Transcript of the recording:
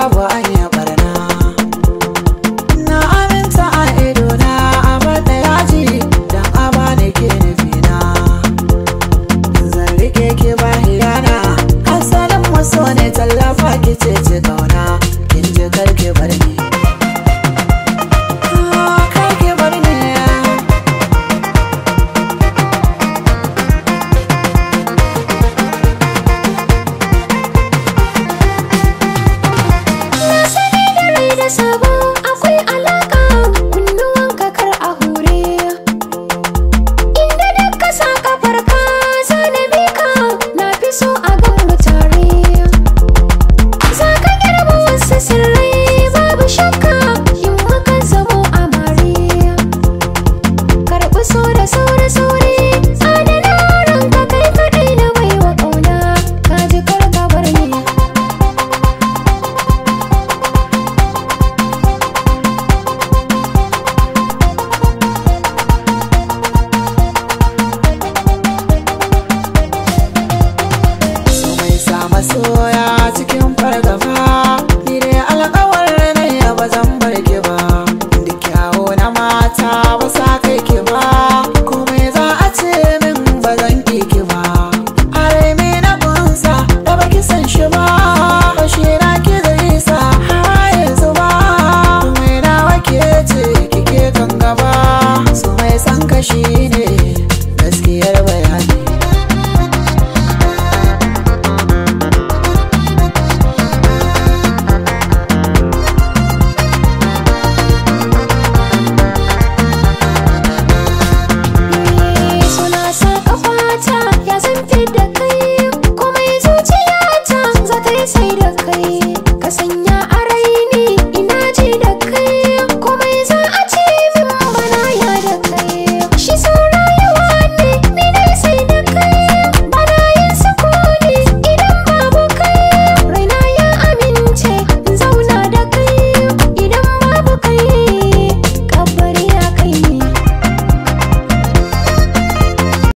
babu anya barna na aminta a ido na abar da yaji dan aba da ke nufina zan rike ki ba asalin maso ne tallafa ki ce I love so ya sai da kai